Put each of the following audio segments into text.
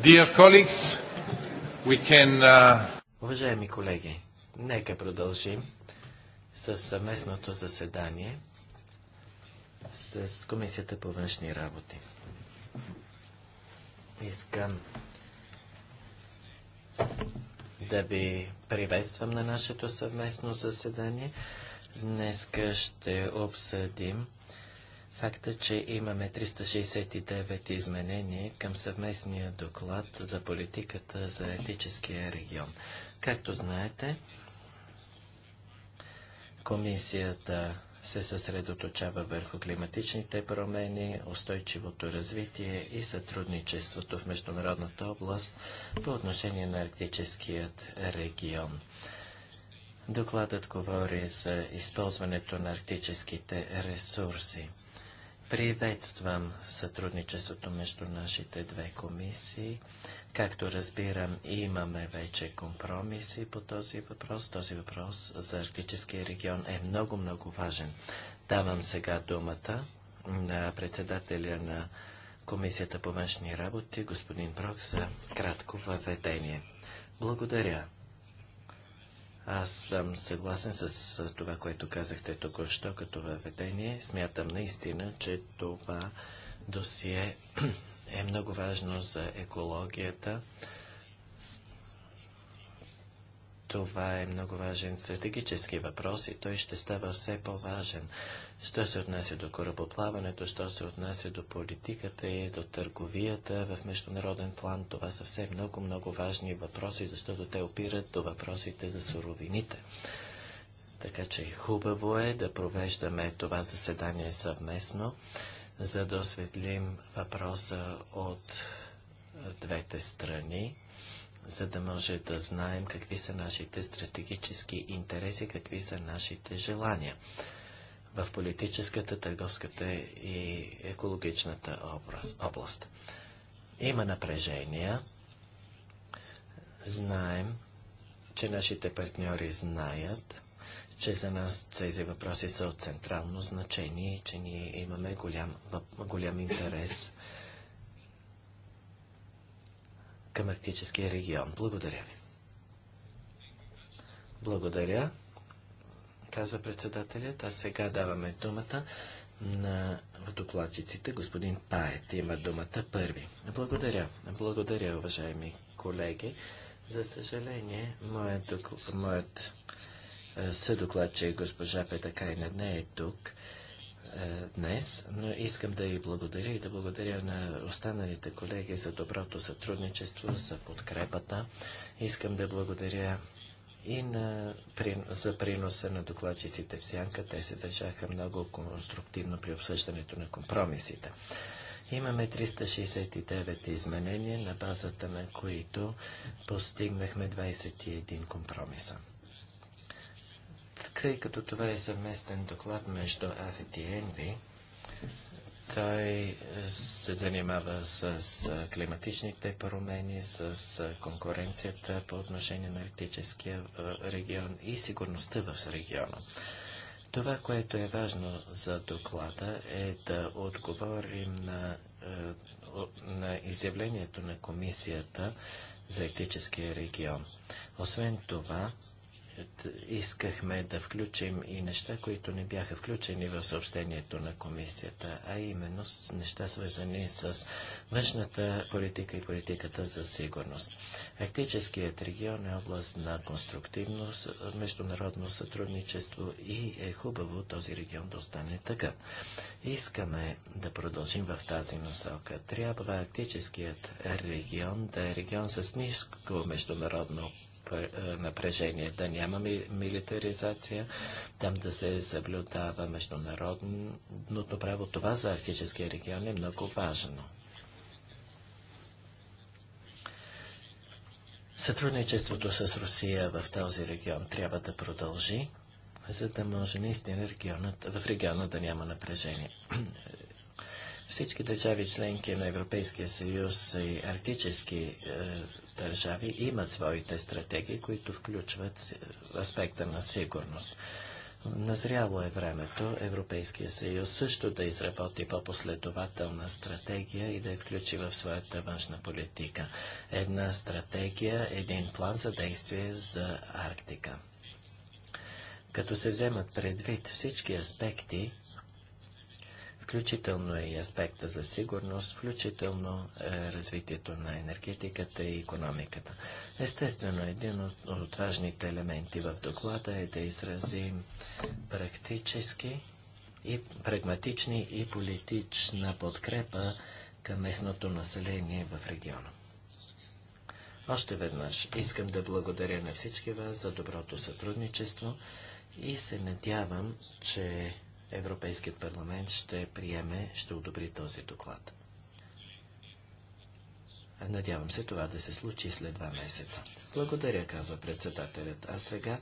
Dear colleagues, we can... Uh, Уважаеми колеги, нека продължим с съвместното заседание с Комисията по външни работи. Искам да ви приветствам на нашето съвместно заседание. Днеска ще обсъдим факта, че имаме 369 изменения към съвместния доклад за политиката за етическия регион. Както знаете, комисията се съсредоточава върху климатичните промени, устойчивото развитие и сътрудничеството в международната област по отношение на арктическият регион. Докладът говори за използването на арктическите ресурси. Приветствам сътрудничеството между нашите две комисии. Както разбирам, имаме вече компромиси по този въпрос. Този въпрос за Арктическия регион е много-много важен. Давам сега думата на председателя на Комисията по външни работи, господин Брок, за кратко въведение. Благодаря. Аз съм съгласен с това, което казахте току-що като въведение. Смятам наистина, че това досие е много важно за екологията, това е много важен стратегически въпрос и той ще става все по-важен. Що се отнася до корабоплаването, що се отнася до политиката и до търговията в международен план, това са все много-много важни въпроси, защото те опират до въпросите за суровините. Така че хубаво е да провеждаме това заседание съвместно, за да осветлим въпроса от двете страни за да може да знаем какви са нашите стратегически интереси, какви са нашите желания в политическата, търговската и екологичната образ, област. Има напрежения. Знаем, че нашите партньори знаят, че за нас тези въпроси са от централно значение и че ние имаме голям, голям интерес към Арктическия регион. Благодаря ви. Благодаря, казва председателят. А сега даваме думата на докладчиците. Господин Пает има думата първи. Благодаря. Благодаря, уважаеми колеги. За съжаление, моят, докл... моят е, съдокладчик госпожа Петакайна не е тук. Е, днес, но искам да й благодаря и да благодаря на останалите колеги за доброто сътрудничество, за подкрепата. Искам да благодаря и на, при, за приноса на докладчиците в Сянка. Те се държаха много конструктивно при обсъждането на компромисите. Имаме 369 изменения, на базата на които постигнахме 21 компромиса тъй като това е съвместен доклад между АФЕТ и ЕНВИ, той се занимава с климатичните промени, с конкуренцията по отношение на арктическия регион и сигурността в региона. Това, което е важно за доклада е да отговорим на, на изявлението на комисията за арктическия регион. Освен това, искахме да включим и неща, които не бяха включени в съобщението на комисията, а именно неща свързани с външната политика и политиката за сигурност. Арктическият регион е област на конструктивно международно сътрудничество и е хубаво този регион да остане така. Искаме да продължим в тази насока. Трябва арктическият регион да е регион с ниско международно напрежение, да няма милитаризация, там да се съблюдава международното право. Това за арктическия регион е много важно. Сътрудничеството с Русия в този регион трябва да продължи, за да може наистина регионът, в региона да няма напрежение. Всички държави членки на Европейския съюз и арктически е, държави имат своите стратегии, които включват аспекта на сигурност. Назряло е времето Европейския съюз също да изработи по-последователна стратегия и да я включи в своята външна политика. Една стратегия, един план за действие за Арктика. Като се вземат предвид всички аспекти, включително е и аспекта за сигурност, включително е, развитието на енергетиката и економиката. Естествено, един от, от важните елементи в доклада е да изразим практически и прагматични и политична подкрепа към местното население в региона. Още веднъж искам да благодаря на всички вас за доброто сътрудничество и се надявам, че Европейският парламент ще приеме, ще одобри този доклад. Надявам се това да се случи след два месеца. Благодаря, казва председателят. А сега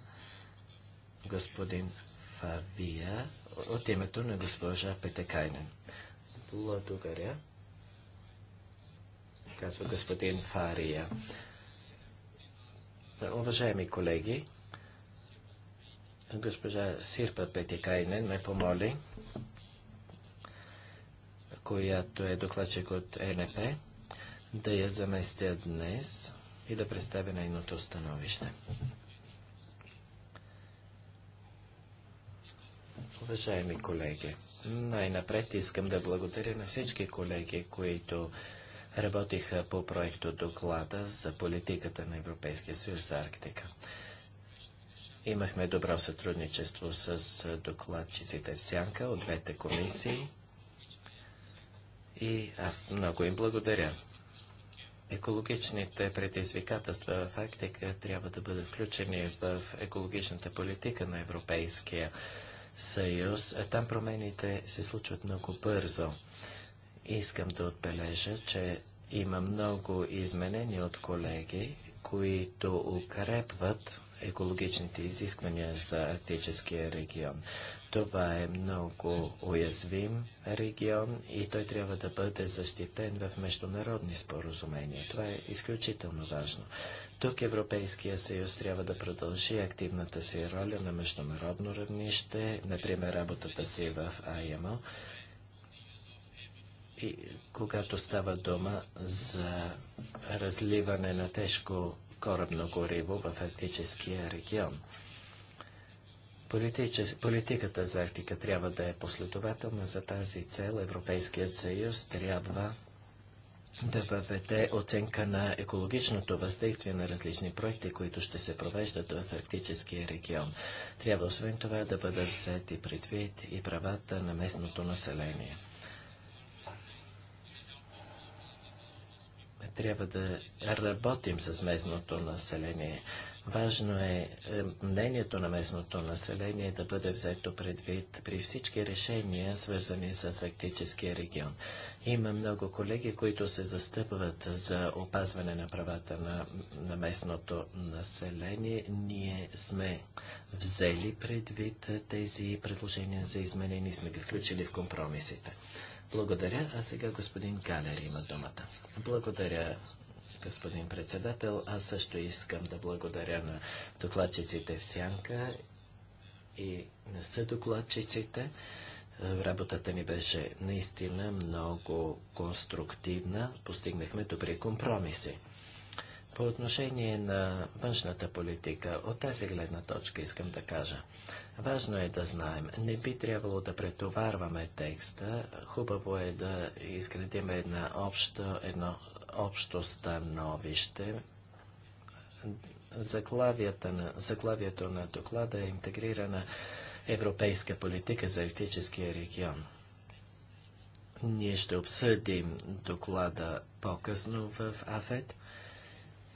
господин Фавия от името на госпожа Петекайнен. Благодаря, казва господин Фария. Уважаеми колеги, Госпожа Сирпа Петикайнен ме помоли, която е докладчик от ЕНП, да я заместя днес и да представя нейното становище. Уважаеми колеги, най-напред искам да благодаря на всички колеги, които работиха по проекто доклада за политиката на Европейския съюз за Арктика. Имахме добро сътрудничество с докладчиците в Сянка от двете комисии и аз много им благодаря. Екологичните предизвикателства в Арктика трябва да бъдат включени в екологичната политика на Европейския съюз. Там промените се случват много бързо. Искам да отбележа, че има много изменения от колеги, които укрепват екологичните изисквания за Арктическия регион. Това е много уязвим регион и той трябва да бъде защитен в международни споразумения. Това е изключително важно. Тук Европейския съюз трябва да продължи активната си роля на международно равнище, например работата си в АЕМО. и когато става дума за разливане на тежко корабно гориво в Арктическия регион. политиката за Арктика трябва да е последователна. За тази цел Европейският съюз трябва да въведе оценка на екологичното въздействие на различни проекти, които ще се провеждат в арктическия регион. Трябва освен това да бъдат взети предвид и правата на местното население. трябва да работим с местното население. Важно е, е мнението на местното население да бъде взето предвид при всички решения, свързани с фактическия регион. Има много колеги, които се застъпват за опазване на правата на, на местното население. Ние сме взели предвид тези предложения за и сме ги включили в компромисите. Благодаря, а сега господин Калер има думата. Благодаря, господин председател. Аз също искам да благодаря на докладчиците в Сянка и на съдокладчиците. Работата ни беше наистина много конструктивна. Постигнахме добри компромиси. По отношение на външната политика, от тази гледна точка искам да кажа. Важно е да знаем. Не би трябвало да претоварваме текста. Хубаво е да изградим една обща, едно общо становище. Заглавията на, заглавието на доклада е интегрирана европейска политика за арктическия регион. Ние ще обсъдим доклада по-късно в АФЕД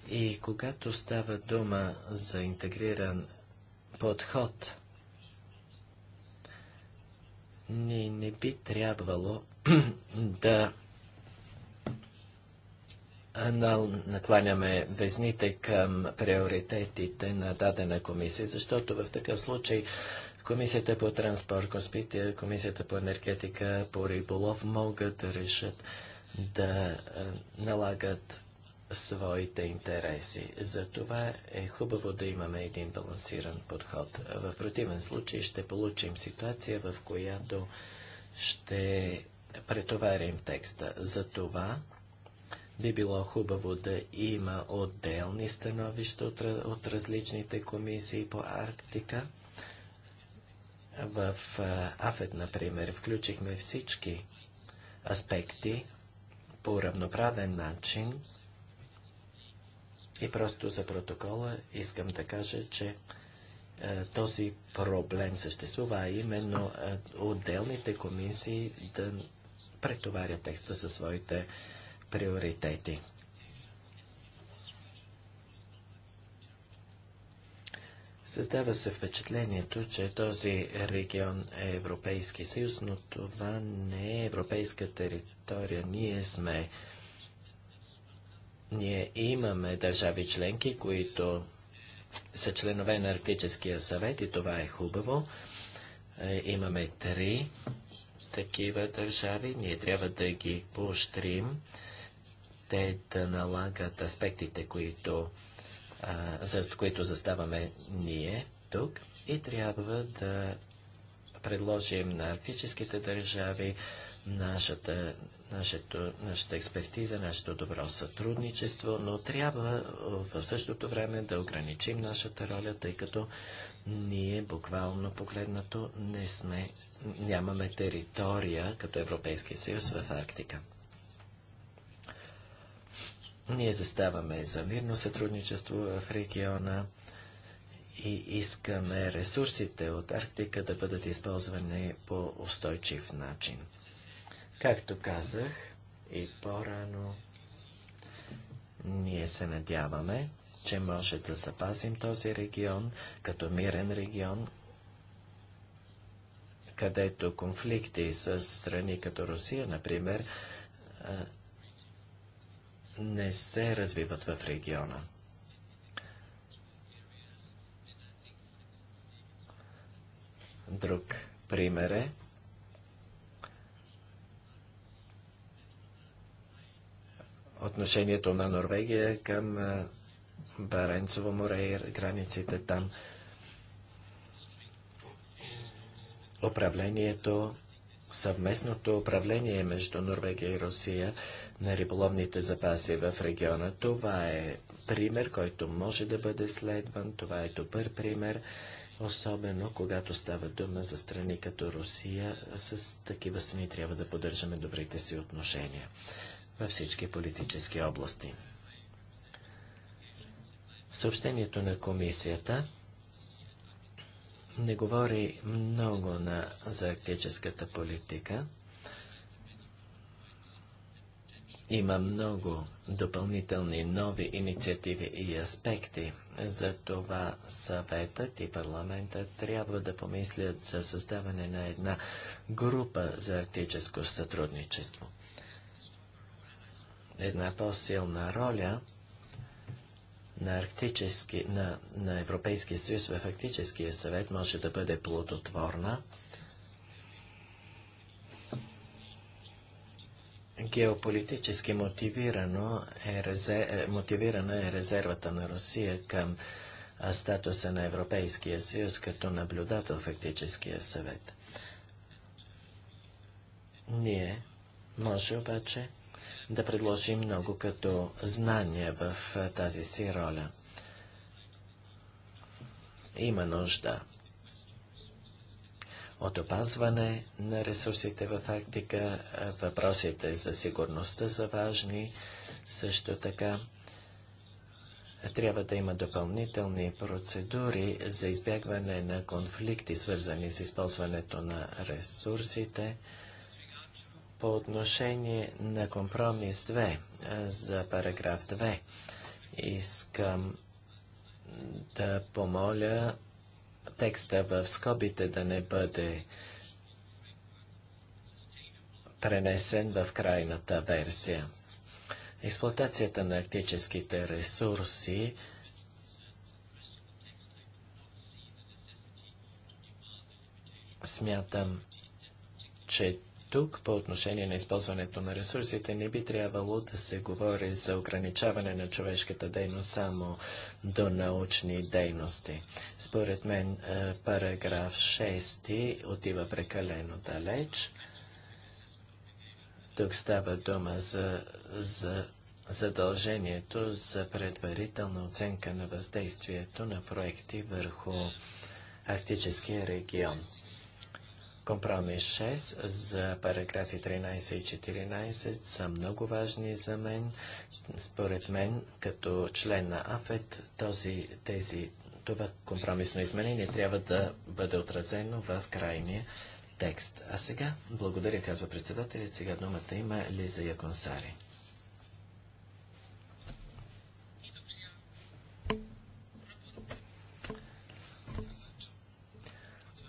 и когато става дума за интегриран подход – ние не би трябвало да накланяме везните към приоритетите на дадена комисия, защото в такъв случай Комисията по транспорт, Комисията по енергетика, по риболов могат да решат да налагат своите интереси. Затова е хубаво да имаме един балансиран подход. В противен случай ще получим ситуация, в която ще претоварим текста. Затова би било хубаво да има отделни становища от, от различните комисии по Арктика. В АФЕД, например, включихме всички аспекти по равноправен начин и просто за протокола искам да кажа, че е, този проблем съществува, а именно е, отделните комисии да претоварят текста със своите приоритети. Създава се впечатлението, че този регион е Европейски съюз, но това не е европейска територия. Ние сме ние имаме държави членки, които са членове на Арктическия съвет и това е хубаво. Е, имаме три такива държави. Ние трябва да ги поощрим. Те да налагат аспектите, които, а, за които заставаме ние тук и трябва да предложим на арктическите държави нашата нашето, нашата експертиза, нашето добро сътрудничество, но трябва е, в същото време да ограничим нашата роля, тъй като ние буквално погледнато не сме, нямаме територия като Европейски съюз в Арктика. Ние заставаме за мирно сътрудничество в региона и искаме ресурсите от Арктика да бъдат използвани по устойчив начин. Както казах и по-рано, ние се надяваме, че може да запазим този регион като мирен регион, където конфликти с страни като Русия, например, не се развиват в региона. Друг пример е отношението на Норвегия към Баренцово море и границите там. Управлението, съвместното управление между Норвегия и Русия на риболовните запаси в региона. Това е пример, който може да бъде следван. Това е добър пример, особено когато става дума за страни като Русия. С такива страни трябва да поддържаме добрите си отношения във всички политически области. Съобщението на комисията не говори много на, за арктическата политика. Има много допълнителни нови инициативи и аспекти. За това съветът и парламента трябва да помислят за създаване на една група за арктическо сътрудничество една по-силна роля на, арктически, на, на Европейския съюз в Арктическия съвет може да бъде плодотворна. Геополитически мотивирано е, е мотивирана е резервата на Русия към статуса на Европейския съюз като наблюдател в Арктическия съвет. Ние може обаче да предложи много като знания в тази си роля. Има нужда от опазване на ресурсите в Арктика. Въпросите за сигурността са важни. Също така трябва да има допълнителни процедури за избягване на конфликти, свързани с използването на ресурсите. По отношение на компромис 2 е, за параграф 2 искам да помоля текста в скобите да не бъде пренесен в крайната версия. Експлуатацията на арктическите ресурси смятам, че тук, по отношение на използването на ресурсите, не би трябвало да се говори за ограничаване на човешката дейност само до научни дейности. Според мен, е, параграф 6 отива прекалено далеч. Тук става дума за, за задължението за предварителна оценка на въздействието на проекти върху Арктическия регион. Компромис 6 за параграфи 13 и 14 са много важни за мен. Според мен, като член на АФЕТ, този, тези, това компромисно изменение трябва да бъде отразено в крайния текст. А сега, благодаря, казва председателят, сега думата има Лиза Яконсари.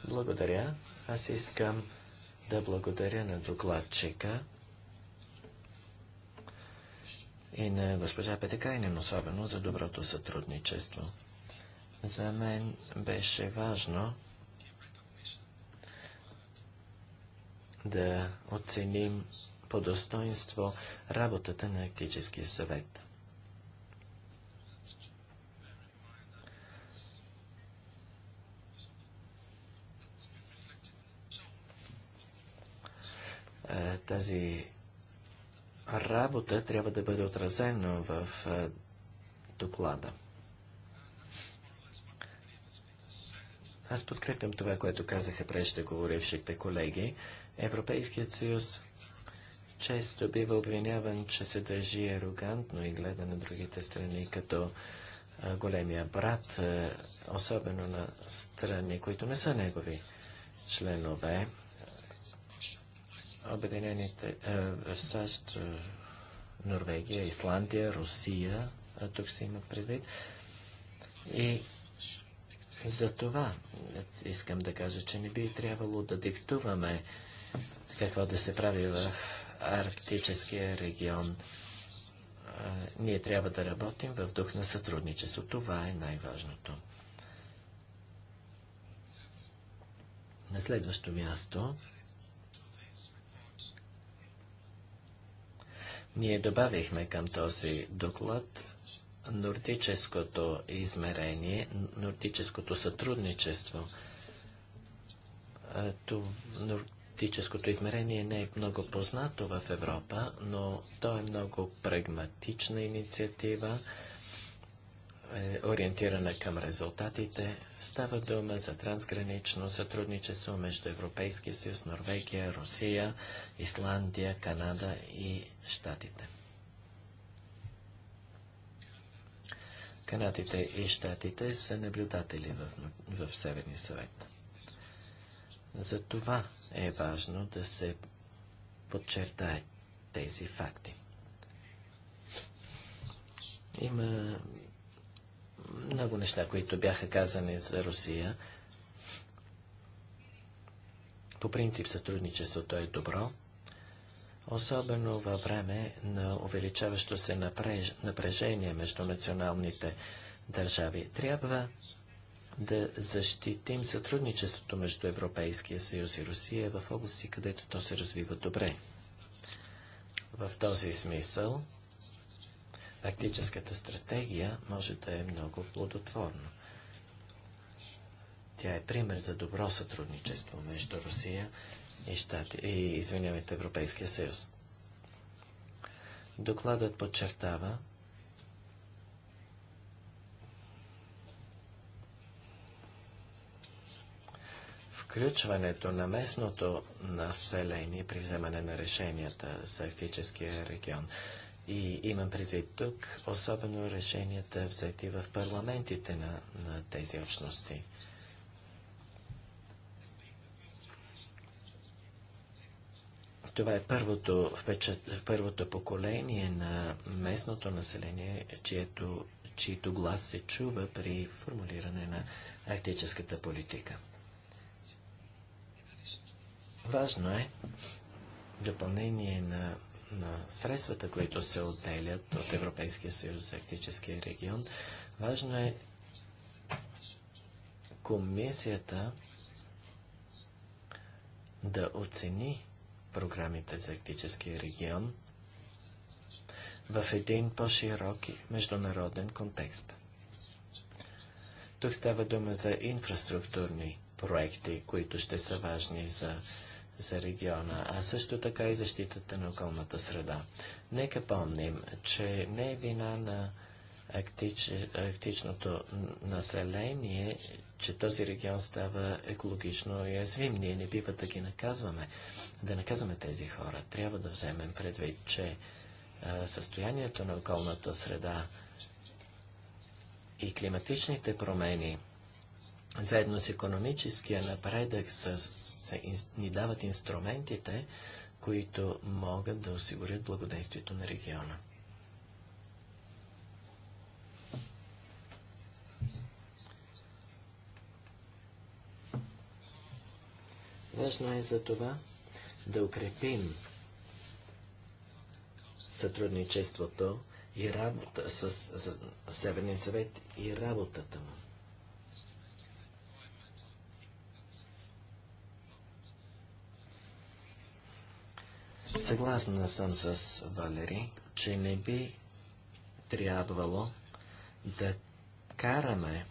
Благодаря. Аз искам да благодаря на докладчика и на госпожа Петекайнен особено за доброто сътрудничество. За мен беше важно да оценим по достоинство работата на етическия съвет. Е, тази работа трябва да бъде отразена в е, доклада. Аз подкрепям това, което казаха преждеговорившите колеги. Европейският съюз често бива обвиняван, че се държи арогантно и гледа на другите страни като е, големия брат, особено на страни, които не са негови членове. Обединените е, САЩ, е, Норвегия, Исландия, Русия, е, тук се имат предвид. И за това е, искам да кажа, че не би трябвало да диктуваме какво да се прави в арктическия регион. Е, ние трябва да работим в дух на сътрудничество. Това е най-важното. На следващо място Ние добавихме към този доклад нордическото измерение, нордическото сътрудничество. Нордическото измерение не е много познато в Европа, но то е много прагматична инициатива, е ориентирана към резултатите. Става дума за трансгранично сътрудничество между Европейския съюз, Норвегия, Русия, Исландия, Канада и Штатите. Канадите и Штатите са наблюдатели в, в Северни съвет. За това е важно да се подчертаят тези факти. Има много неща, които бяха казани за Русия. По принцип сътрудничеството е добро, особено във време на увеличаващо се напреж... напрежение между националните държави. Трябва да защитим сътрудничеството между Европейския съюз и Русия в области, където то се развива добре. В този смисъл Арктическата стратегия може да е много плодотворна. Тя е пример за добро сътрудничество между Русия и, Штати, и извинявайте, Европейския съюз. Докладът подчертава, включването на местното население при вземане на решенията за арктическия регион. И имам предвид тук особено решенията взети в парламентите на, на тези общности. Това е първото, впечат, първото поколение на местното население, чието, чието глас се чува при формулиране на етическата политика. Важно е допълнение на на средствата, които се отделят от Европейския съюз за Арктическия регион, важно е комисията да оцени програмите за Арктическия регион в един по-широк международен контекст. Тук става дума за инфраструктурни проекти, които ще са важни за за региона, а също така и защитата на околната среда. Нека помним, че не е вина на актич, актичното население, че този регион става екологично уязвим. Ние не бива да ги наказваме, да наказваме тези хора. Трябва да вземем предвид, че състоянието на околната среда и климатичните промени – заедно с економическия напредък с, с, ни дават инструментите, които могат да осигурят благодействието на региона. Важно е за това да укрепим сътрудничеството и работа с, с, с Северния съвет и работата му. Съгласна съм с Валери, че не би трябвало да караме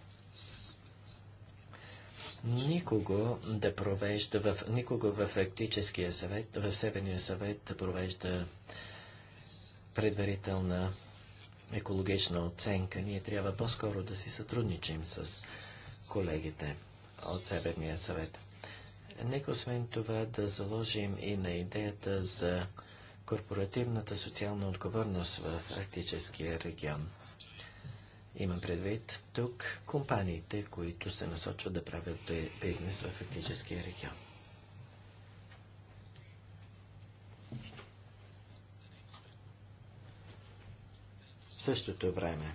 никого да провежда, в, никого в ектическия съвет, в Северния съвет да провежда предварителна екологична оценка. Ние трябва по-скоро да си сътрудничим с колегите от Северния съвет нека освен това да заложим и на идеята за корпоративната социална отговорност в Арктическия регион. Имам предвид тук компаниите, които се насочват да правят бизнес в Арктическия регион. В същото време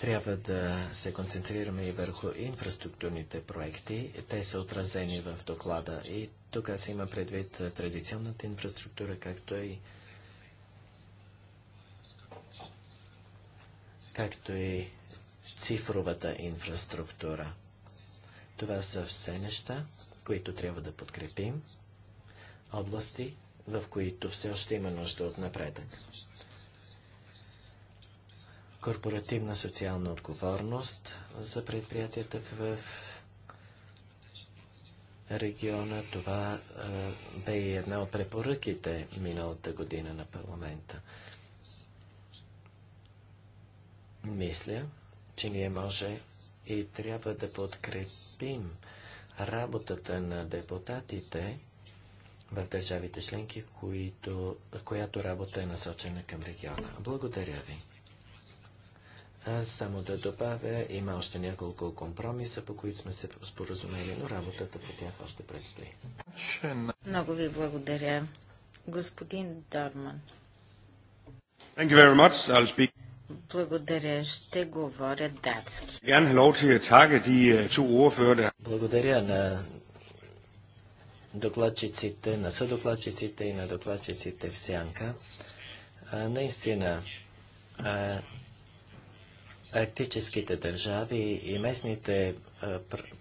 трябва да се концентрираме и върху инфраструктурните проекти. Те са отразени в доклада. И тук се има предвид традиционната инфраструктура, както и както и цифровата инфраструктура. Това са все неща, които трябва да подкрепим, области, в които все още има нужда от напредък корпоративна социална отговорност за предприятията в региона. Това а, бе и една от препоръките миналата година на парламента. Мисля, че ние може и трябва да подкрепим работата на депутатите в държавите членки, която работа е насочена към региона. Благодаря ви. Само да добавя, има още няколко компромиса, по които сме се споразумели, но работата по тях още предстои. Много ви благодаря. Господин Дорман. Благодаря. Ще говоря датски. Øh, благодаря на докладчиците, на съдокладчиците и на докладчиците в Сянка. наистина, арктическите държави и местните е,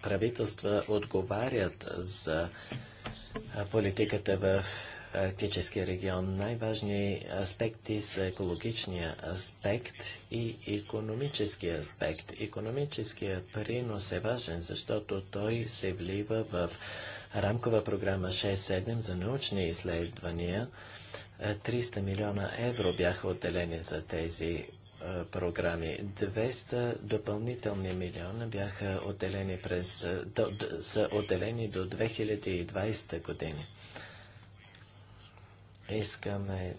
правителства отговарят за е, политиката в арктическия регион. Най-важни аспекти са екологичния аспект и економическия аспект. Економическия принос е важен, защото той се влива в рамкова програма 6-7 за научни изследвания. 300 е, милиона евро бяха отделени за тези е, програми. 200 допълнителни милиона бяха отделени през, е, до, до, са отделени до 2020 години. Искаме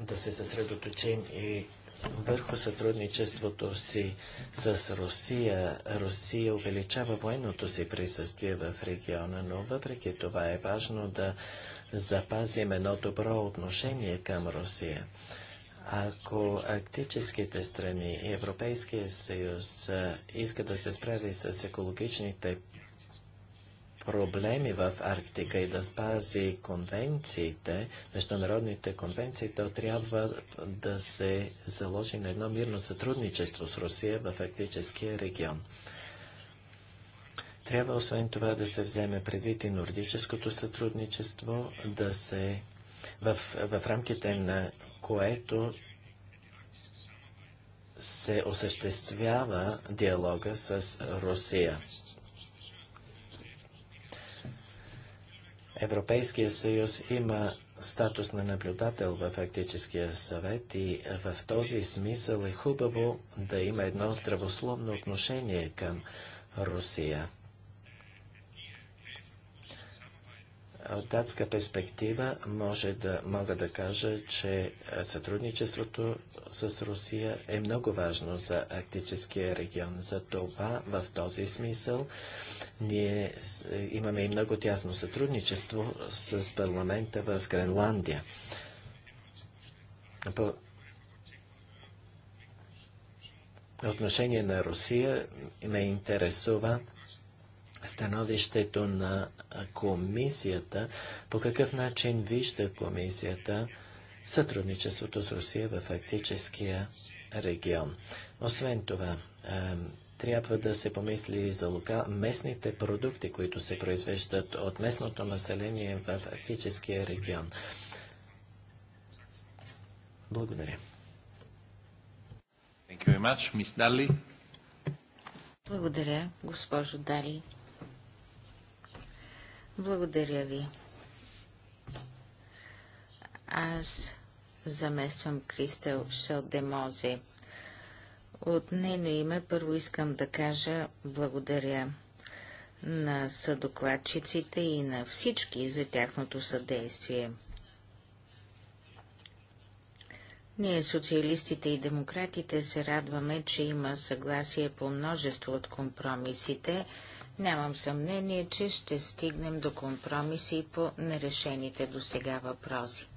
да се съсредоточим и върху сътрудничеството си с Русия. Русия увеличава военното си присъствие в региона, но въпреки това е важно да запазим едно добро отношение към Русия. Ако арктическите страни и Европейския съюз искат да се справи с екологичните проблеми в Арктика и да спази конвенциите, международните конвенции, то трябва да се заложи на едно мирно сътрудничество с Русия в арктическия регион. Трябва освен това да се вземе предвид и нордическото сътрудничество, да се в, в рамките на което се осъществява диалога с Русия. Европейския съюз има статус на наблюдател в фактическия съвет и в този смисъл е хубаво да има едно здравословно отношение към Русия. От датска перспектива може да, мога да кажа, че сътрудничеството с Русия е много важно за Арктическия регион. За това в този смисъл ние е, имаме и много тясно сътрудничество с парламента в Гренландия. По отношение на Русия ме интересува становището на комисията, по какъв начин вижда комисията сътрудничеството с Русия в фактическия регион. Освен това, е, трябва да се помисли за лука... местните продукти, които се произвеждат от местното население в фактическия регион. Благодаря. Благодаря, госпожо Дали. Благодаря ви. Аз замествам Кристел Шелдемозе. От нейно име първо искам да кажа благодаря на съдокладчиците и на всички за тяхното съдействие. Ние, социалистите и демократите, се радваме, че има съгласие по множество от компромисите, Нямам съмнение, че ще стигнем до компромиси по нерешените до сега въпроси.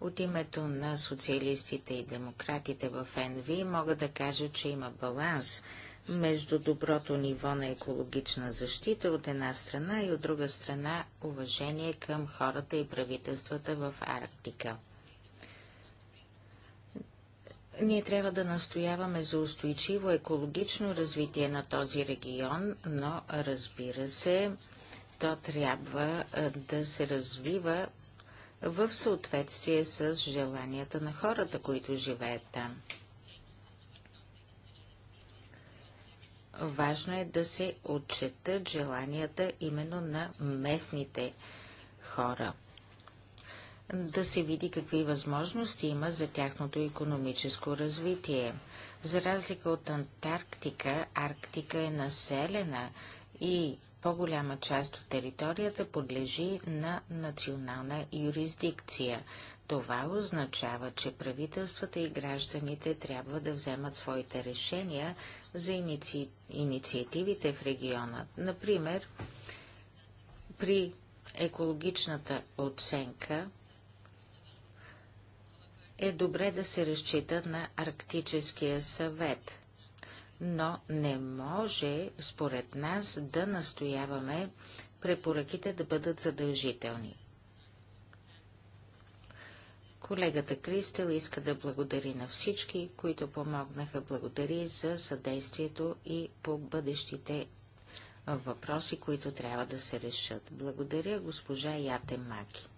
От името на социалистите и демократите в НВ мога да кажа, че има баланс между доброто ниво на екологична защита от една страна и от друга страна уважение към хората и правителствата в Арктика. Ние трябва да настояваме за устойчиво екологично развитие на този регион, но разбира се, то трябва да се развива в съответствие с желанията на хората, които живеят там. Важно е да се отчетат желанията именно на местните хора да се види какви възможности има за тяхното економическо развитие. За разлика от Антарктика, Арктика е населена и по-голяма част от територията подлежи на национална юрисдикция. Това означава, че правителствата и гражданите трябва да вземат своите решения за иници... инициативите в региона. Например, при екологичната оценка е добре да се разчита на Арктическия съвет, но не може, според нас, да настояваме препоръките да бъдат задължителни. Колегата Кристел иска да благодари на всички, които помогнаха. Благодари за съдействието и по бъдещите въпроси, които трябва да се решат. Благодаря госпожа Ятемаки.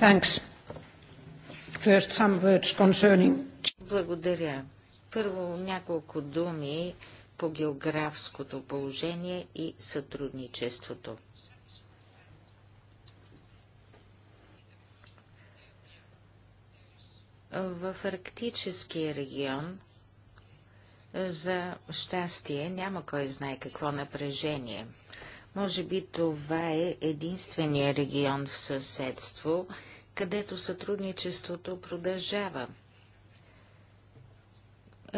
Маки. First, some words concerning... Благодаря. Първо няколко думи по географското положение и сътрудничеството. В арктическия регион за щастие няма кой знае какво напрежение. Може би това е единствения регион в съседство – където сътрудничеството продължава.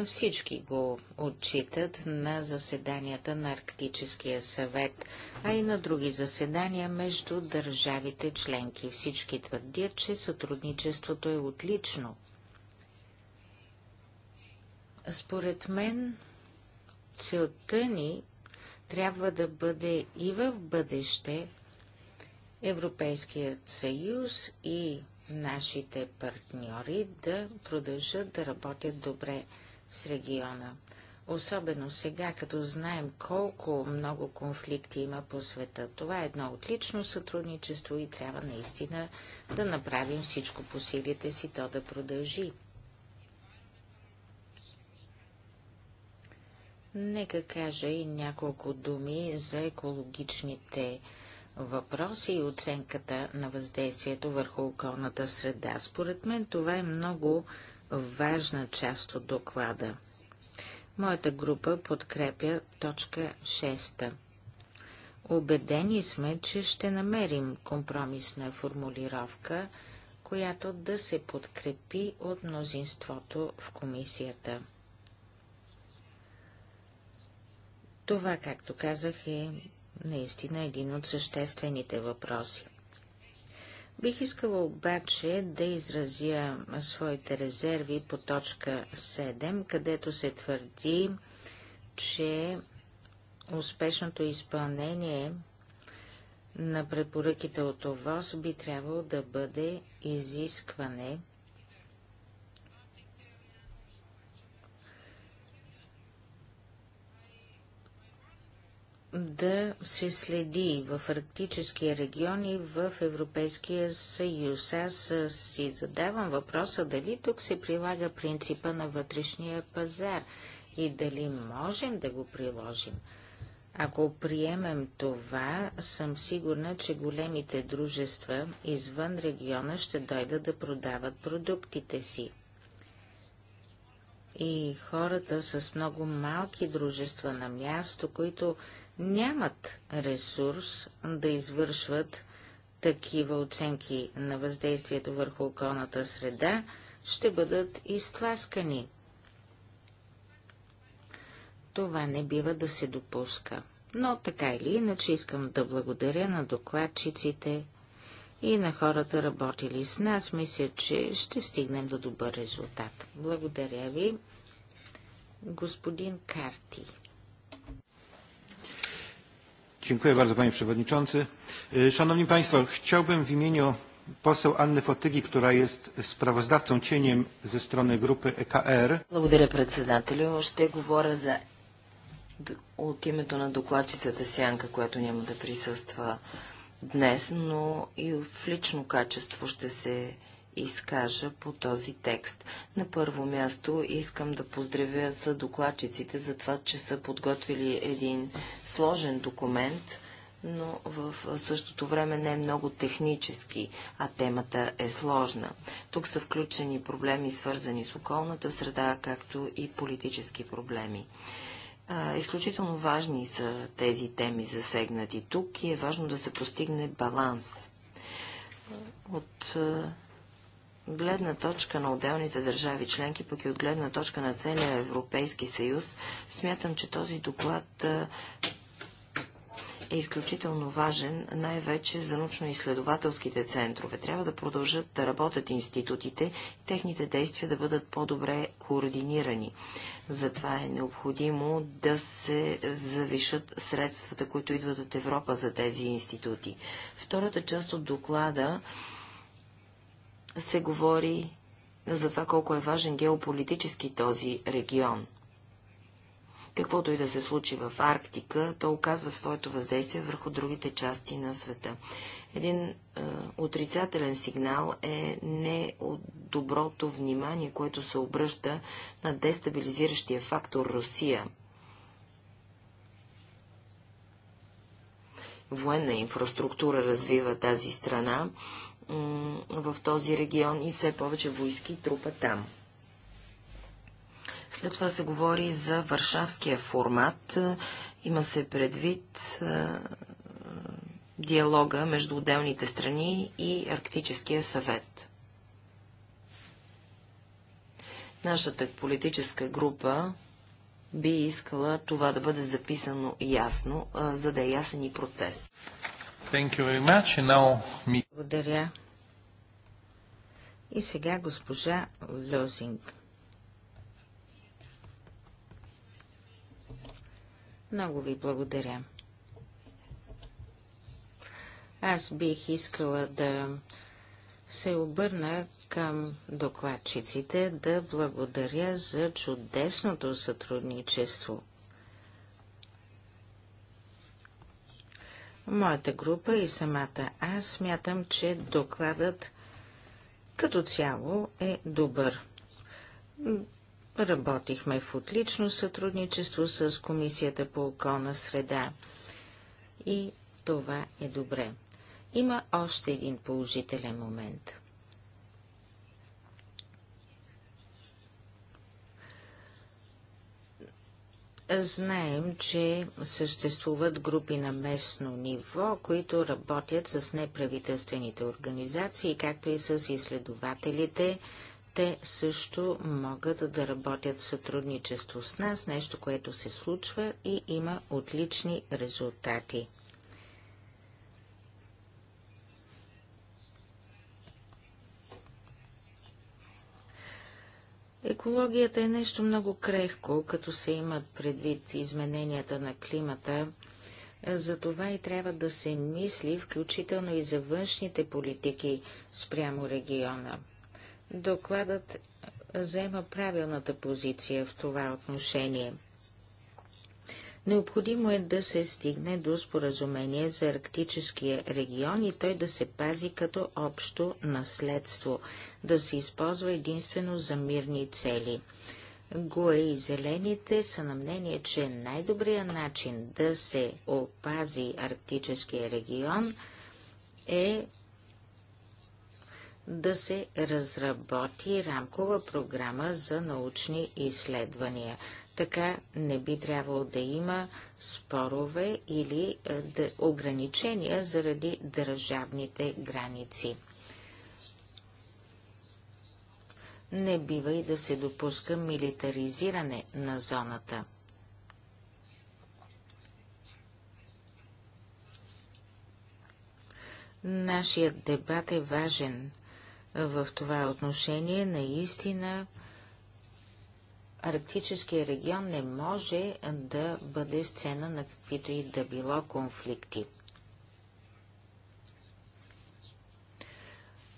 Всички го отчитат на заседанията на Арктическия съвет, а и на други заседания между държавите членки. Всички твърдят, че сътрудничеството е отлично. Според мен, целта ни трябва да бъде и в бъдеще – Европейският съюз и нашите партньори да продължат да работят добре с региона. Особено сега, като знаем колко много конфликти има по света. Това е едно отлично сътрудничество и трябва наистина да направим всичко по силите си то да продължи. Нека кажа и няколко думи за екологичните въпроси и оценката на въздействието върху околната среда. Според мен това е много важна част от доклада. Моята група подкрепя точка 6. Обедени сме, че ще намерим компромисна формулировка, която да се подкрепи от мнозинството в комисията. Това, както казах, е наистина един от съществените въпроси. Бих искала обаче да изразя своите резерви по точка 7, където се твърди, че успешното изпълнение на препоръките от ОВОС би трябвало да бъде изискване да се следи в арктическия регион и в Европейския съюз. Аз си задавам въпроса дали тук се прилага принципа на вътрешния пазар и дали можем да го приложим. Ако приемем това, съм сигурна, че големите дружества извън региона ще дойдат да продават продуктите си. И хората с много малки дружества на място, които нямат ресурс да извършват такива оценки на въздействието върху околната среда, ще бъдат изтласкани. Това не бива да се допуска. Но така или иначе искам да благодаря на докладчиците и на хората работили с нас. Мисля, че ще стигнем до добър резултат. Благодаря ви, господин Карти. Dziękuję bardzo panie przewodniczący. E, szanowni państwo, chciałbym w imieniu poseł Анны Фотыги, która jest sprawozdawcą cieniem ze strony grupy ЕКР. E Благодаря председателю. Ще говоря за от името на докладчицата Сянка, която няма да присъства днес, но и в лично качество ще се изкажа по този текст. На първо място искам да поздравя за докладчиците за това, че са подготвили един сложен документ, но в същото време не е много технически, а темата е сложна. Тук са включени проблеми, свързани с околната среда, както и политически проблеми. изключително важни са тези теми засегнати тук и е важно да се постигне баланс. От гледна точка на отделните държави членки, пък и от гледна точка на целия Европейски съюз, смятам, че този доклад е изключително важен, най-вече за научно-изследователските центрове. Трябва да продължат да работят институтите, техните действия да бъдат по-добре координирани. Затова е необходимо да се завишат средствата, които идват от Европа за тези институти. Втората част от доклада се говори за това колко е важен геополитически този регион. Каквото и да се случи в Арктика, то оказва своето въздействие върху другите части на света. Един е, отрицателен сигнал е не от доброто внимание, което се обръща на дестабилизиращия фактор Русия. Военна инфраструктура развива тази страна в този регион и все повече войски трупа там. След това се говори за варшавския формат. Има се предвид диалога между отделните страни и Арктическия съвет. Нашата политическа група би искала това да бъде записано ясно, за да е ясен и процес. Now, благодаря. И сега госпожа Лозинг. Много ви благодаря. Аз бих искала да се обърна към докладчиците да благодаря за чудесното сътрудничество. Моята група и самата аз смятам, че докладът като цяло е добър. Работихме в отлично сътрудничество с Комисията по околна среда и това е добре. Има още един положителен момент. Знаем, че съществуват групи на местно ниво, които работят с неправителствените организации, както и с изследователите. Те също могат да работят в сътрудничество с нас, нещо, което се случва и има отлични резултати. Екологията е нещо много крехко, като се имат предвид измененията на климата. За това и трябва да се мисли, включително и за външните политики спрямо региона. Докладът е, заема правилната позиция в това отношение – Необходимо е да се стигне до споразумение за арктическия регион и той да се пази като общо наследство, да се използва единствено за мирни цели. Гуе и зелените са на мнение, че най-добрият начин да се опази арктическия регион е да се разработи рамкова програма за научни изследвания. Така не би трябвало да има спорове или е, ограничения заради държавните граници. Не бива и да се допуска милитаризиране на зоната. Нашият дебат е важен. В това отношение наистина Арктическия регион не може да бъде сцена на каквито и да било конфликти.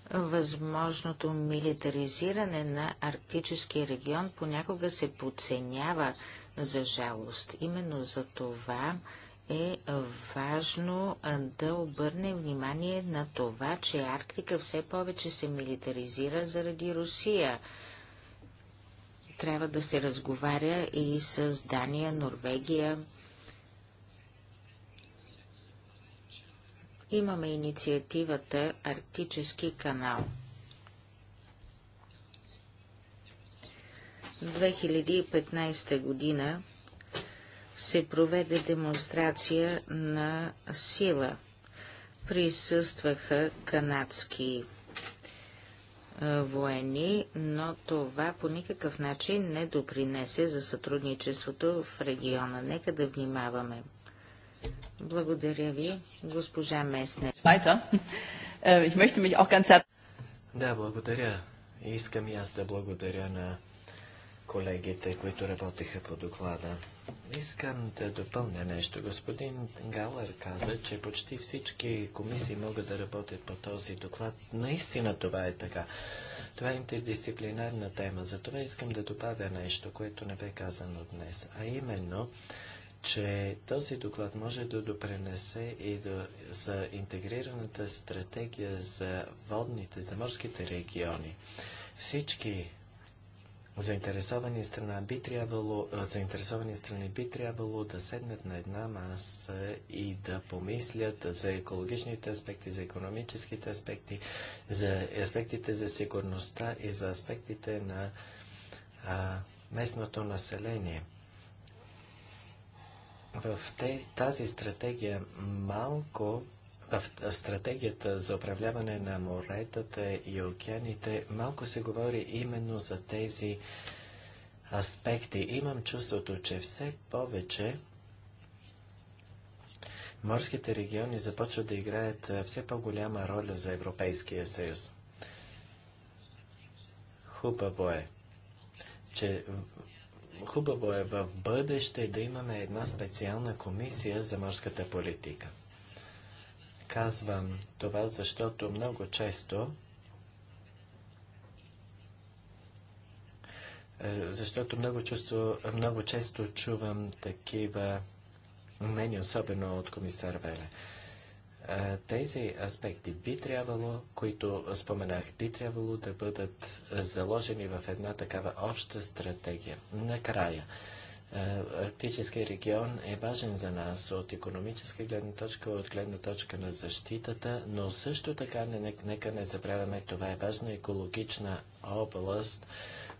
Възможното милитаризиране на Арктическия регион понякога се подценява за жалост. Именно за това е важно да обърнем внимание на това, че Арктика все повече се милитаризира заради Русия. Трябва да се разговаря и с Дания, Норвегия. Имаме инициативата Арктически канал. 2015 година се проведе демонстрация на сила. Присъстваха канадски военни, но това по никакъв начин не допринесе за сътрудничеството в региона. Нека да внимаваме. Благодаря ви, госпожа Месне. Äh, да, благодаря. Искам и аз да благодаря на колегите, които работиха по доклада. Искам да допълня нещо. Господин Галър каза, че почти всички комисии могат да работят по този доклад. Наистина това е така. Това е интердисциплинарна тема. Затова искам да добавя нещо, което не бе казано днес. А именно, че този доклад може да допренесе и до, за интегрираната стратегия за водните, за морските региони. Всички заинтересовани страна би трябвало, заинтересовани страни би трябвало да седнат на една маса и да помислят за екологичните аспекти, за економическите аспекти, за аспектите за сигурността и за аспектите на а, местното население. В тези, тази стратегия малко в стратегията за управляване на моретата и океаните малко се говори именно за тези аспекти. Имам чувството, че все повече морските региони започват да играят все по-голяма роля за Европейския съюз. Хубаво е, че хубаво е в бъдеще да имаме една специална комисия за морската политика. Казвам това, защото много често е, защото много, често, много често чувам такива мнения, особено от комисар Веле. Е, тези аспекти би трябвало, които споменах, би трябвало да бъдат заложени в една такава обща стратегия. Накрая, е, Арктическия регион е важен за нас от економическа гледна точка, от гледна точка на защитата, но също така не, нека не забравяме, това е важна екологична област,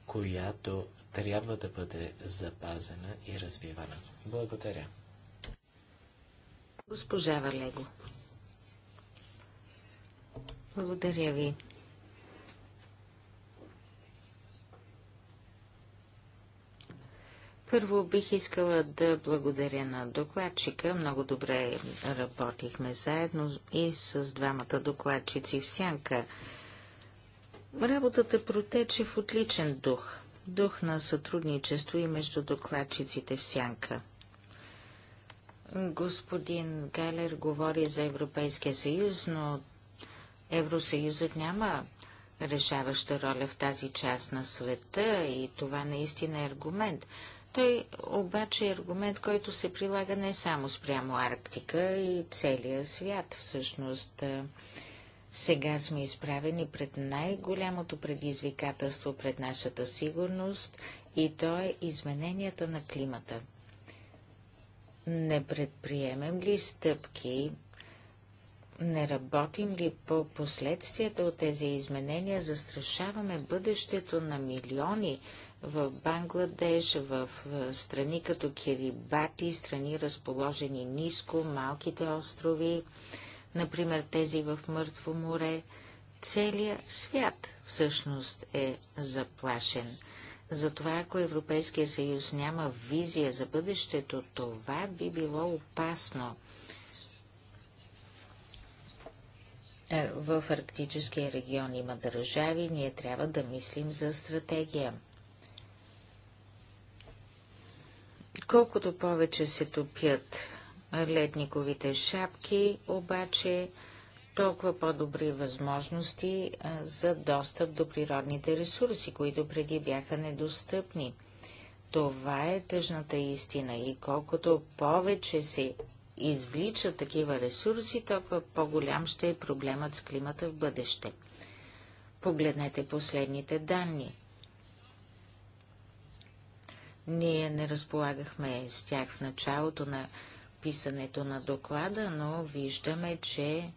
която трябва да бъде запазена и развивана. Благодаря. Госпожа Валего. Благодаря ви. Първо бих искала да благодаря на докладчика. Много добре работихме заедно и с двамата докладчици в сянка. Работата протече в отличен дух. Дух на сътрудничество и между докладчиците в сянка. Господин Галер говори за Европейския съюз, но Евросъюзът няма решаваща роля в тази част на света и това наистина е аргумент. Той обаче е аргумент, който се прилага не само спрямо Арктика и целия свят. Всъщност, сега сме изправени пред най-голямото предизвикателство пред нашата сигурност и то е измененията на климата. Не предприемем ли стъпки, не работим ли по последствията от тези изменения, застрашаваме бъдещето на милиони, в Бангладеш, в страни като Кирибати, страни разположени ниско, малките острови, например тези в Мъртво море. Целият свят всъщност е заплашен. Затова, ако Европейския съюз няма визия за бъдещето, това би било опасно. Е, в арктическия регион има държави, ние трябва да мислим за стратегия. Колкото повече се топят ледниковите шапки, обаче толкова по-добри възможности за достъп до природните ресурси, които преди бяха недостъпни. Това е тъжната истина и колкото повече се извличат такива ресурси, толкова по-голям ще е проблемът с климата в бъдеще. Погледнете последните данни. Ние не разполагахме с тях в началото на писането на доклада, но виждаме, че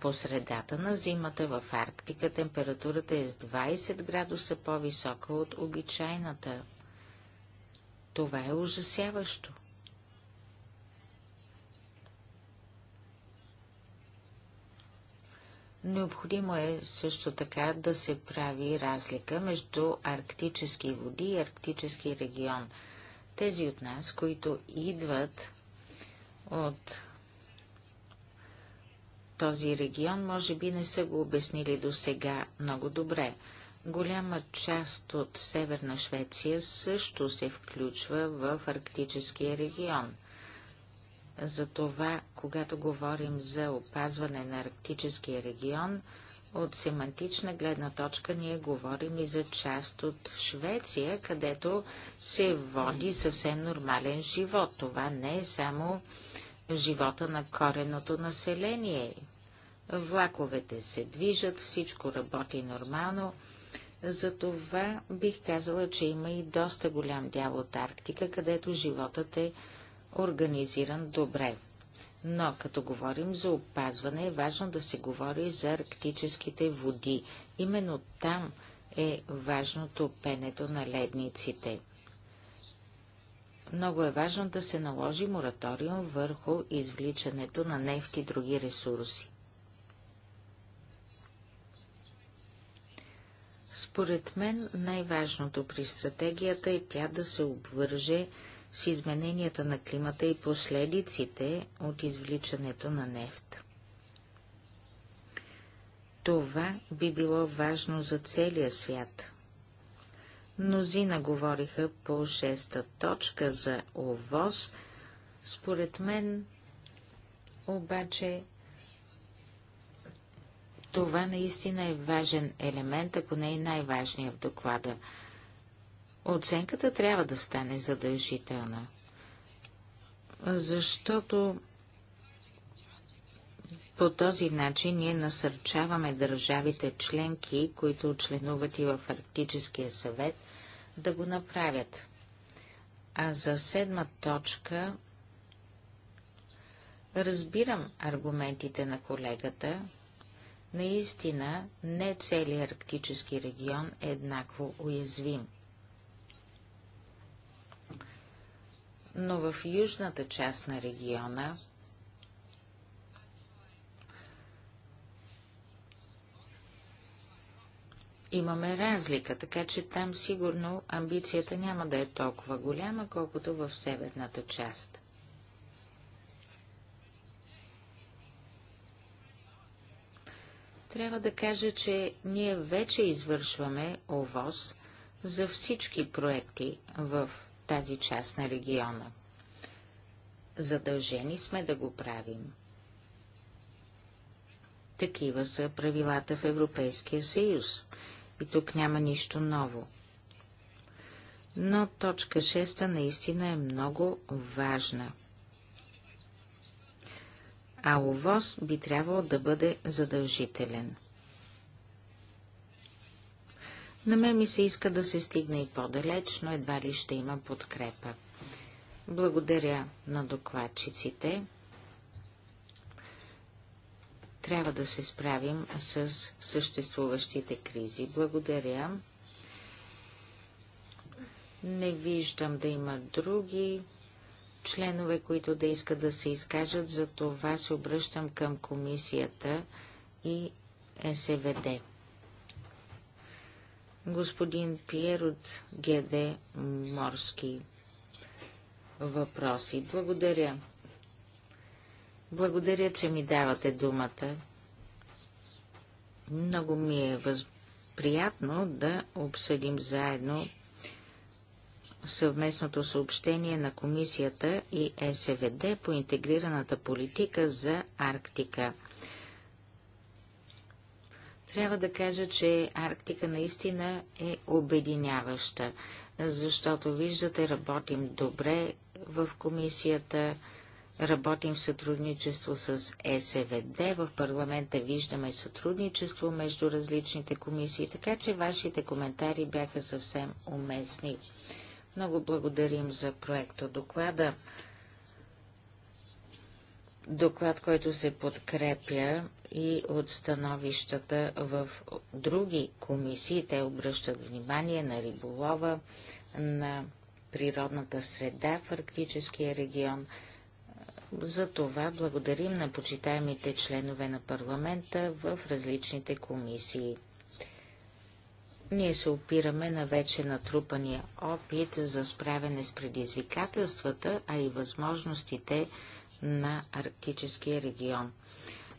по средата на зимата в Арктика температурата е с 20 градуса по-висока от обичайната. Това е ужасяващо. Необходимо е също така да се прави разлика между арктически води и арктически регион. Тези от нас, които идват от този регион, може би не са го обяснили до сега много добре. Голяма част от Северна Швеция също се включва в арктическия регион. Затова, когато говорим за опазване на арктическия регион, от семантична гледна точка ние говорим и за част от Швеция, където се води съвсем нормален живот. Това не е само живота на кореното население. Влаковете се движат, всичко работи нормално. Затова бих казала, че има и доста голям дял от Арктика, където животът е организиран добре. Но като говорим за опазване, е важно да се говори за арктическите води. Именно там е важното пенето на ледниците. Много е важно да се наложи мораториум върху извличането на нефт и други ресурси. Според мен най-важното при стратегията е тя да се обвърже с измененията на климата и последиците от извличането на нефт. Това би било важно за целия свят. Мнозина говориха по шеста точка за овоз. Според мен, обаче, това наистина е важен елемент, ако не е най-важният в доклада – оценката трябва да стане задължителна. Защото по този начин ние насърчаваме държавите членки, които членуват и в Арктическия съвет, да го направят. А за седма точка разбирам аргументите на колегата. Наистина не целият арктически регион е еднакво уязвим – но в южната част на региона имаме разлика, така че там сигурно амбицията няма да е толкова голяма, колкото в северната част. Трябва да кажа, че ние вече извършваме ОВОз за всички проекти в тази част на региона. Задължени сме да го правим. Такива са правилата в Европейския съюз. И тук няма нищо ново. Но точка 6 наистина е много важна. А овоз би трябвало да бъде задължителен. На мен ми се иска да се стигне и по-далеч, но едва ли ще има подкрепа. Благодаря на докладчиците. Трябва да се справим с съществуващите кризи. Благодаря. Не виждам да има други членове, които да искат да се изкажат, за това се обръщам към комисията и СВД господин Пиер от ГД Морски въпроси. Благодаря. Благодаря, че ми давате думата. Много ми е въз... приятно да обсъдим заедно съвместното съобщение на Комисията и СВД по интегрираната политика за Арктика – трябва да кажа, че Арктика наистина е обединяваща, защото виждате, работим добре в комисията, работим в сътрудничество с СВД, в парламента виждаме сътрудничество между различните комисии, така че вашите коментари бяха съвсем уместни. Много благодарим за проекта доклада доклад, който се подкрепя и от становищата в други комисии. Те обръщат внимание на риболова, на природната среда в арктическия регион. За това благодарим на почитаемите членове на парламента в различните комисии. Ние се опираме на вече натрупания опит за справяне с предизвикателствата, а и възможностите на Арктическия регион,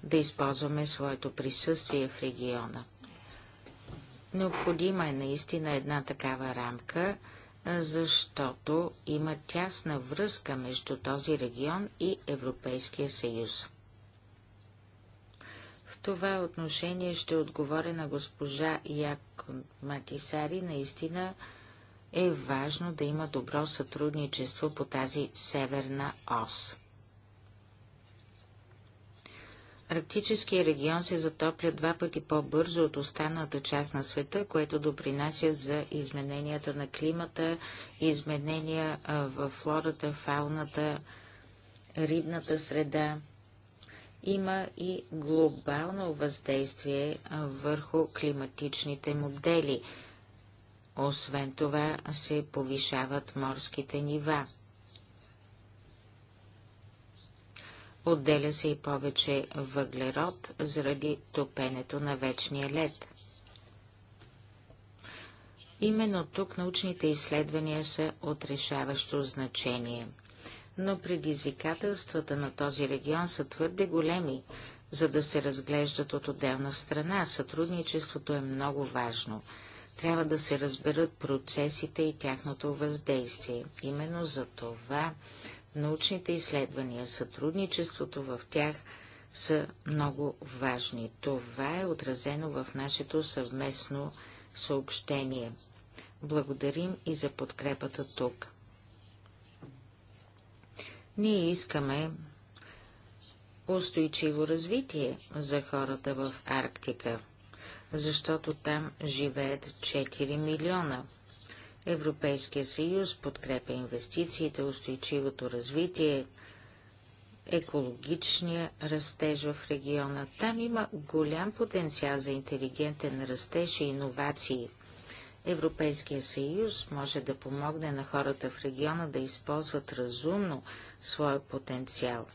да използваме своето присъствие в региона. Необходима е наистина една такава рамка, защото има тясна връзка между този регион и Европейския съюз. В това отношение ще отговоря на госпожа Як Матисари. Наистина е важно да има добро сътрудничество по тази северна ос. Арктическия регион се затопля два пъти по-бързо от останалата част на света, което допринася за измененията на климата, изменения в флората, фауната, рибната среда. Има и глобално въздействие върху климатичните модели. Освен това се повишават морските нива. Отделя се и повече въглерод заради топенето на вечния лед. Именно тук научните изследвания са от решаващо значение. Но предизвикателствата на този регион са твърде големи, за да се разглеждат от отделна страна. Сътрудничеството е много важно. Трябва да се разберат процесите и тяхното въздействие. Именно за това научните изследвания, сътрудничеството в тях са много важни. Това е отразено в нашето съвместно съобщение. Благодарим и за подкрепата тук. Ние искаме устойчиво развитие за хората в Арктика, защото там живеят 4 милиона – Европейския съюз подкрепя инвестициите, устойчивото развитие, екологичния растеж в региона. Там има голям потенциал за интелигентен растеж и иновации. Европейския съюз може да помогне на хората в региона да използват разумно своя потенциал.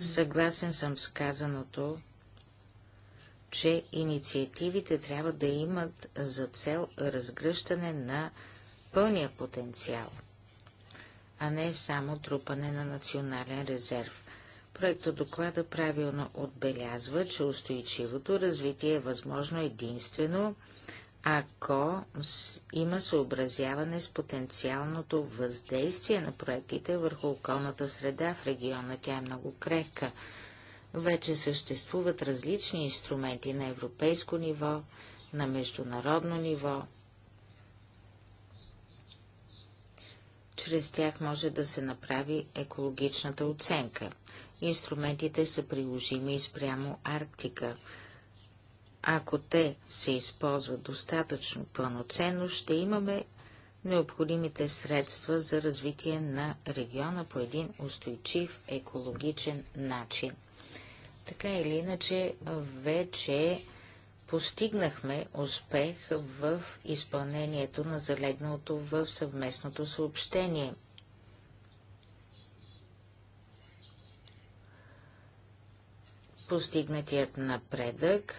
Съгласен съм с казаното че инициативите трябва да имат за цел разгръщане на пълния потенциал, а не само трупане на национален резерв. Проекто доклада правилно отбелязва, че устойчивото развитие е възможно единствено, ако има съобразяване с потенциалното въздействие на проектите върху околната среда в региона. Тя е много крехка. Вече съществуват различни инструменти на европейско ниво, на международно ниво. Чрез тях може да се направи екологичната оценка. Инструментите са приложими и спрямо Арктика. Ако те се използват достатъчно пълноценно, ще имаме необходимите средства за развитие на региона по един устойчив екологичен начин. Така или иначе, вече постигнахме успех в изпълнението на залегналото в съвместното съобщение. Постигнатият напредък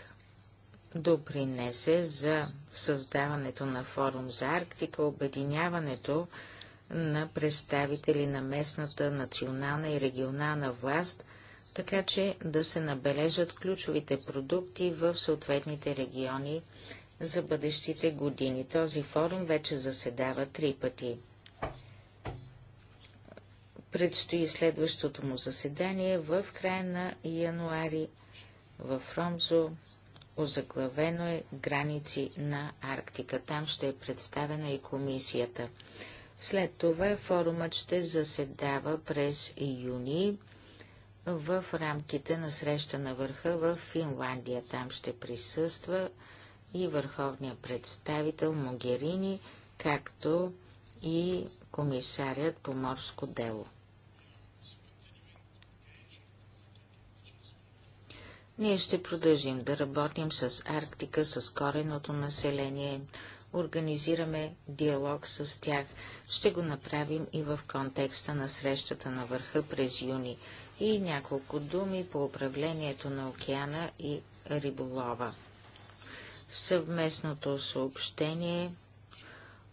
допринесе за създаването на форум за Арктика, обединяването на представители на местната, национална и регионална власт – така че да се набележат ключовите продукти в съответните региони за бъдещите години. Този форум вече заседава три пъти. Предстои следващото му заседание в края на януари в Ромзо. Озаглавено е граници на Арктика. Там ще е представена и комисията. След това форумът ще заседава през юни в рамките на среща на върха в Финландия. Там ще присъства и върховният представител Могерини, както и комисарят по морско дело. Ние ще продължим да работим с Арктика, с кореното население, организираме диалог с тях. Ще го направим и в контекста на срещата на върха през юни и няколко думи по управлението на океана и риболова. Съвместното съобщение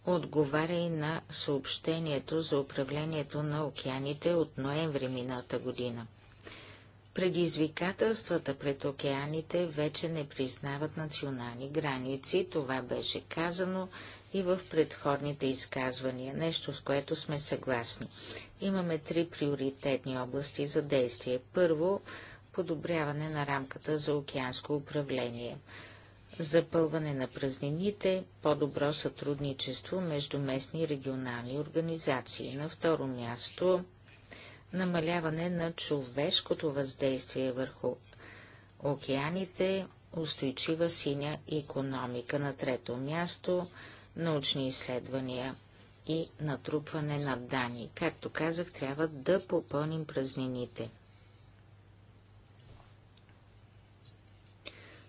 отговаря и на съобщението за управлението на океаните от ноември мината година. Предизвикателствата пред океаните вече не признават национални граници, това беше казано и в предходните изказвания, нещо с което сме съгласни. Имаме три приоритетни области за действие. Първо, подобряване на рамката за океанско управление запълване на празнините, по-добро сътрудничество между местни и регионални организации. На второ място – намаляване на човешкото въздействие върху океаните, устойчива синя економика. На трето място научни изследвания и натрупване на данни. Както казах, трябва да попълним празнините.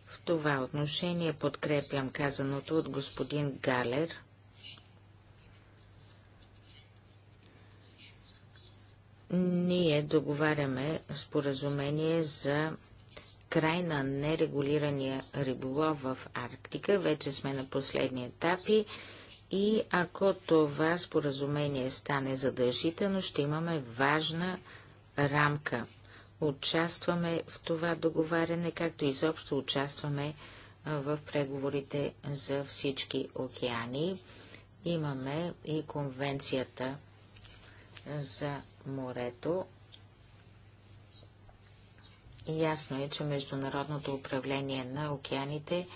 В това отношение подкрепям казаното от господин Галер. Ние договаряме споразумение за край на нерегулирания риболов в Арктика. Вече сме на последни етапи и ако това споразумение стане задължително, ще имаме важна рамка. Участваме в това договаряне, както изобщо участваме в преговорите за всички океани. Имаме и конвенцията за морето, Ясно е, че международното управление на океаните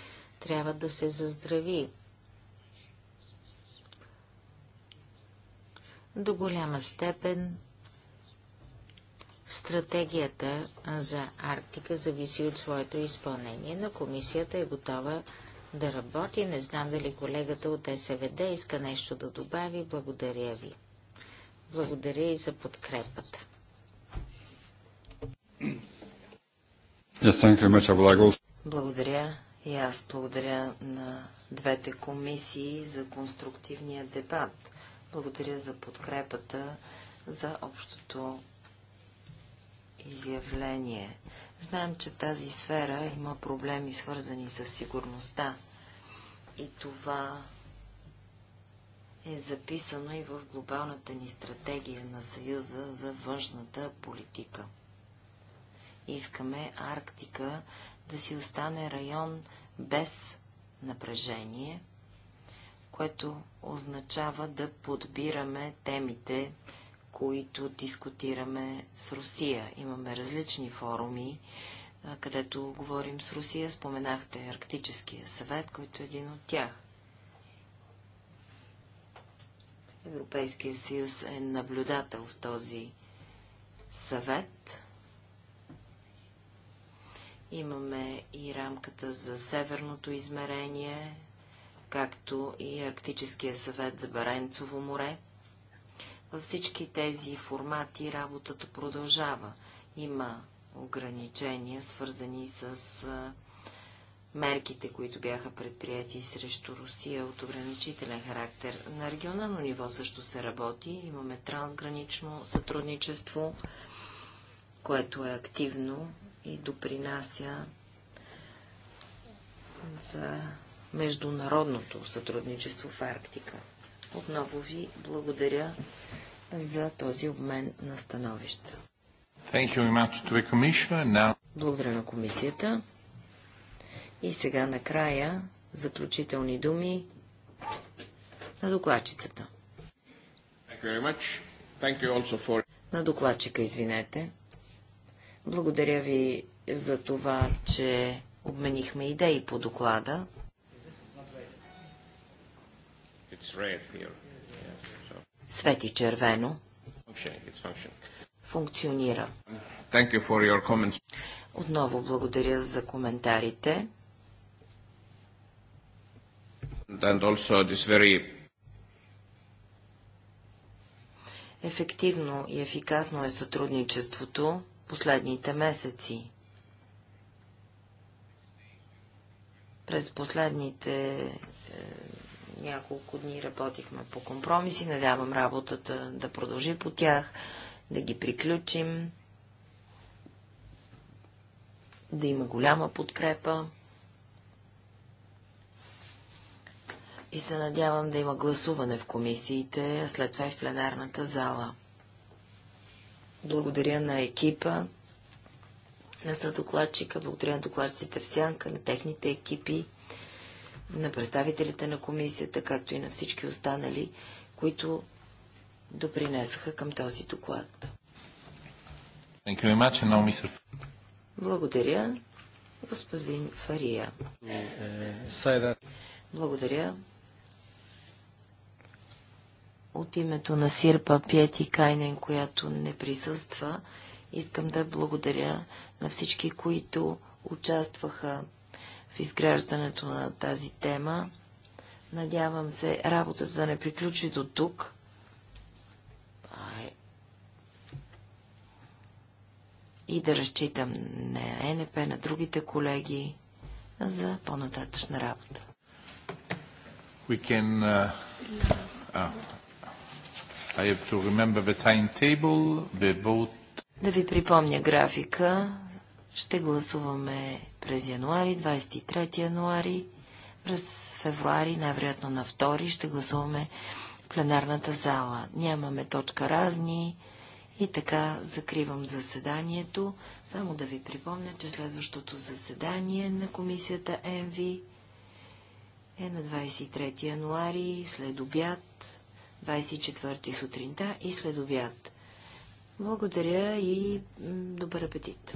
трябва да се заздрави. До голяма степен стратегията за Арктика зависи от своето изпълнение, На комисията е готова да работи. Не знам дали колегата от СВД иска нещо да добави. Благодаря ви. Благодаря и за подкрепата. Yes, благодаря и аз благодаря на двете комисии за конструктивния дебат. Благодаря за подкрепата за общото изявление. Знаем, че в тази сфера има проблеми свързани с сигурността. И това е записано и в глобалната ни стратегия на Съюза за външната политика – Искаме Арктика да си остане район без напрежение, което означава да подбираме темите, които дискутираме с Русия. Имаме различни форуми, където говорим с Русия. Споменахте Арктическия съвет, който е един от тях. Европейския съюз е наблюдател в този съвет. Имаме и рамката за северното измерение, както и Арктическия съвет за Баренцово море. Във всички тези формати работата продължава. Има ограничения, свързани с мерките, които бяха предприяти срещу Русия от ограничителен характер. На регионално ниво също се работи. Имаме трансгранично сътрудничество, което е активно и допринася за международното сътрудничество в Арктика. Отново ви благодаря за този обмен на становища. Now... Благодаря на комисията. И сега накрая заключителни думи на докладчицата. For... На докладчика, извинете. Благодаря ви за това, че обменихме идеи по доклада. Свети червено. Функционира. Отново благодаря за коментарите. Very... Ефективно и ефикасно е сътрудничеството последните месеци. През последните е, няколко дни работихме по компромиси, надявам работата да продължи по тях, да ги приключим, да има голяма подкрепа. И се надявам да има гласуване в комисиите, а след това и в пленарната зала. Благодаря на екипа, на съдокладчика, благодаря на докладчиците в Сянка, на техните екипи, на представителите на комисията, както и на всички останали, които допринесаха към този доклад. Благодаря, господин Фария. Благодаря. От името на Сирпа Пети Кайнен, която не присъства, искам да благодаря на всички, които участваха в изграждането на тази тема. Надявам се работата да не приключи до тук. И да разчитам на ЕНП, на другите колеги за по-нататъчна работа. We can, uh... Ah. Да ви припомня графика. Ще гласуваме през януари, 23 януари, през февруари, най-вероятно на 2 ще гласуваме в пленарната зала. Нямаме точка разни. И така закривам заседанието. Само да ви припомня, че следващото заседание на комисията ЕНВИ е на 23 януари след обяд 24 сутринта и след Благодаря и добър апетит!